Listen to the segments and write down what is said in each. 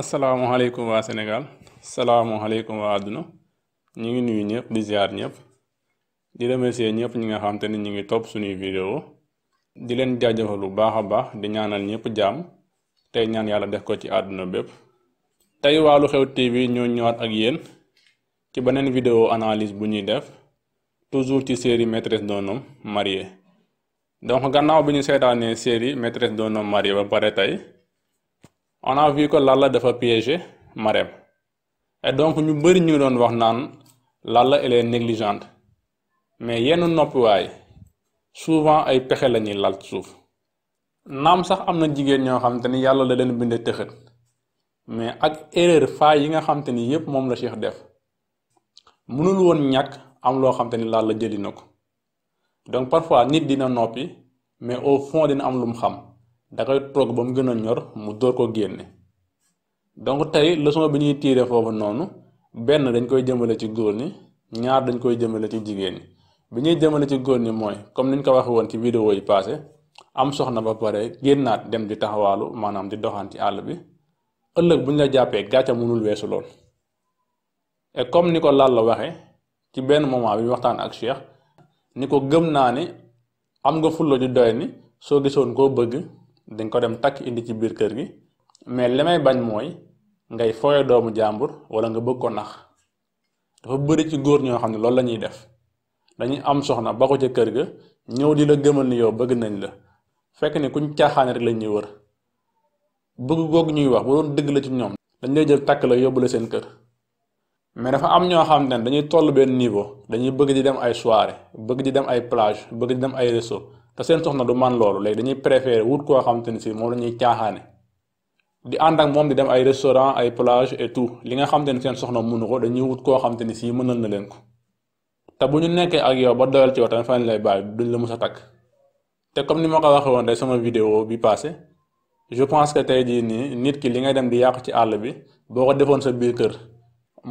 asalaamaaleykum waa senegal salaamualeykum waa àdduna ñu ngi nuyu ñëpp di ziar ñëpp di remercier ñëpp ñi nga xam te ne ñu ngi topp suñuy vidéo di leen jaajëfal bu baax a baax di ñaanal ñëpp jàmm tey ñaan yàlla def ko ci àdduna bépp. tey waa Lu Xew TV ñoo ñëwaat ak yéen ci beneen vidéo analise bu ñuy def toujours ci série maîtresse d'un homme marié donc gannaaw bi ñu seetaanee série maîtresse d'un homme marié ba pare tey. on a ko que Lalla dafa piéger Marème et donc ñu bëri ñu doon wax naan Lalla elle est négligente mais yenn noppiwaay souvent ay pexe la ñuy lal suuf naam sax am na jigéen ñoo xam te ni yàlla la leen bindee tëxët mais ak erreur faa yi nga xam te ni yépp moom la Cheikh def mënul woon ñàkk am loo xam te ni Lalla jëli na ko donc parfois nit dina noppi mais au fond dina am lu mu xam. da koy togg ba mu gën a ñor mu door ko génne donc tey leçon bi ñuy tiire foofu noonu benn dañ koy jëmale ci góor ñi ñaar dañ koy jëmale ci jigéen ñi bi ñuy jëmale ci góor ñi mooy comme niñ ko waxee woon ci vidéo yi passé am soxna ba pare génnaat dem di taxawaalu maanaam di doxaan ci àll bi ëllëg buñ la jàppee gàcca mënul weesu lool comme ni ko laal la waxee ci benn moment bi waxtaan ak Cheikh ni ko gëm naa ni am nga fulla ju doy ni soo gisoon koo bëgg dañ ko dem takk indi ci biir kër gi mais li may bañ mooy ngay fooye doomu jàmbur wala nga bëgg ko nax dafa bëri ci góor ñoo xam ne loolu lañuy def dañuy am soxna ba ko ca kër ga ñëw di la gëmal ni yow bëgg nañ la fekk ni kuñ caaxaane rek lañ ñuy wër bëgg googu ñuy wax bu doon dëgg la ci ñoom dañ lay jël takk la yóbbu la seen kër mais dafa am ñoo xam ne dañuy toll benn niveau dañuy bëgg di dem ay soirée bëgg di dem ay plage bëgg di dem ay resto te seen soxna du man loolu léegi dañuy préférer wut koo xam te si moom la ñuy caaxaane di ànd ak moom di dem ay restaurant ay plage et tout li nga xam te ni seen soxna munu ko dañuy wut koo xam ni si mënal na leen ko te bu ñu nekkee ak yow ba doyal ci yow tamit fan lay bàyyi duñ la mus a takk te comme ni ma ko waxee woon tey sama vidéo bi passé je pense que tey jii nii nit ki li ngay dem di yàqu ci àll bi boo ko defoon sa biir kër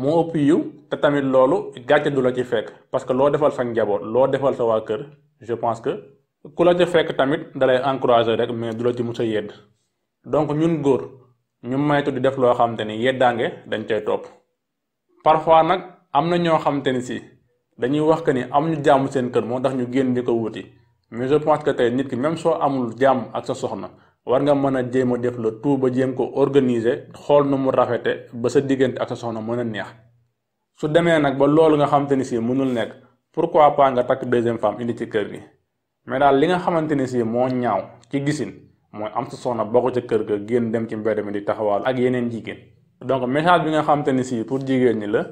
moo ëpp yiw te tamit loolu gàcce la ci fekk parce que loo defal sa njaboot loo defal waa kër je pense que. ku la ca fekk tamit dalay encourager rek mais du la ci musa yedd donc ñun góor ñu maytu di def loo xamante ni yeddaange dañ cay topp parfois nag am na ñoo xamante ni si dañuy wax que ni am ñu jàmm seen kër moo tax ñu génn di ko wuti mais je pense que tey nit ki même soo amul jàmm ak sa soxna war nga mën a jéem a def le tout ba jéem ko organiser xool nu mu rafete ba sa diggante ak sa soxna mën a neex su demee nag ba loolu nga xamante ni si mënul nekk pourquoi pas nga takk deuxième femme indi ci kër gi mais li nga xamante ne si moo ñaaw ci gisin mooy am sa soxna bokk ko ca kër ga génn dem ci mbedd mi di taxawaal ak yeneen jigéen donc message bi nga xamante ni sii pour jigéen ñi la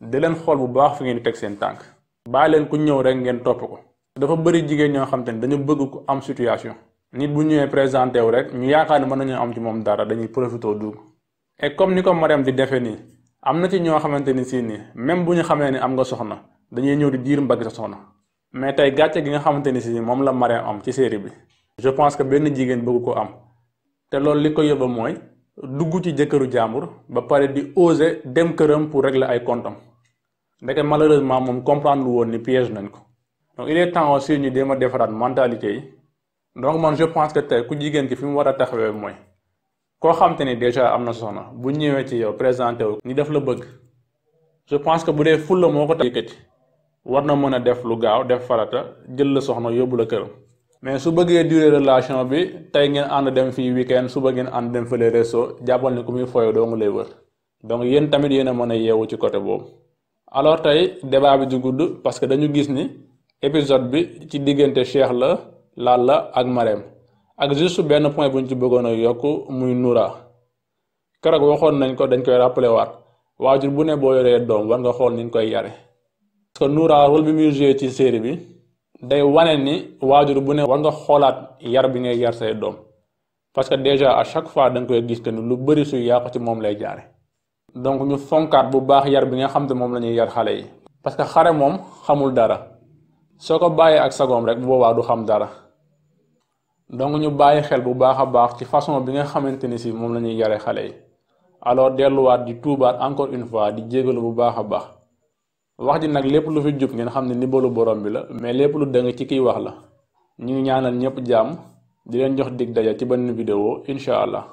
di leen xool bu baax fi ngeen di teg seen tànk bàyyi leen ku ñëw rek ngeen topp ko dafa bëri jigéen ñoo xamante ni dañu bëgg ku am situation nit bu ñëwee présenté wu rek ñu yaakaar ne mën nañoo am ci moom dara dañuy profité dugg et comme ni ko Mariam di defee nii am na ci ñoo xamante ni si nii même bu ñu xamee ne am nga soxna dañuy ñëw di diir mbagg sa soxna mais tey gàcce gi nga xamante ni si moom la Marème am ci série bi je pense que benn jigéen bëgg ko am te loolu li ko yóbba mooy dugg ci jëkkëru jàmbur ba pare di oser dem këram pour régler ay comptam ndeke malheureusement moom comprendre woon ni piège nañ ko donc il est temps aussi ñu dem a defaraat mentalité yi donc man je pense que tey ku jigéen ki fi mu war a taxawee mooy koo xam ni déjà am na soxna bu ñëwee ci yow présenté wu. ni def la bëgg je pense que bu dee fulla moo ko yëkkati war na mën a def lu gaaw def farata jël la soxna yóbbu la këram mais su bëggee durée relation bi tey ngeen ànd dem fii wi weekend suba ngeen ànd dem fële resto jàppal ni ku muy foyoo doo nga lay wër donc yéen tamit yéen a mën a yeewu ci côté boobu alors tey débat bi du gudd parce que dañu gis ni épisode bi ci diggante Cheikh la Lalla ak Marème ak juste benn point bu ñu ci bëggoon a yokk muy Noura keroog waxoon nañ ko dañ koy rappelé waat waajur bu ne boo doom war nga xool ni ñu koy yare parce que Noura bi muy joué ci série bi day wane ni waajur bu ne war nga xoolaat yar bi ngay yar say doom parce que déjà à chaque fois danga nga koy gis que lu bëri su yàqu ci moom lay jaare donc ñu fonkaat bu baax yar bi nga xam te moom la ñuy yar xale yi. parce que xare moom xamul dara soo ko bàyyee ak sagoom rek bu boobaa du xam dara donc ñu bàyyi xel bu baax a baax ci façon bi nga xamante ni si moom la ñuy yare xale yi alors delluwaat di tuubaat encore une fois di jégalu bu baax a baax. wax ji nag lépp lu fi jub ngeen xam ne ndimbalu borom bi la mais lépp lu dëng ci kiy wax la ñu ngi ñaanal ñëpp jàmm di leen jox dig daja ci benn vidéo incha allah.